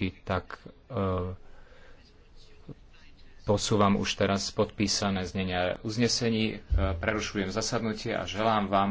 otázky, tak e, posúvam už teraz podpísané znenia uznesení, e, prerušujem zasadnutie a želám vám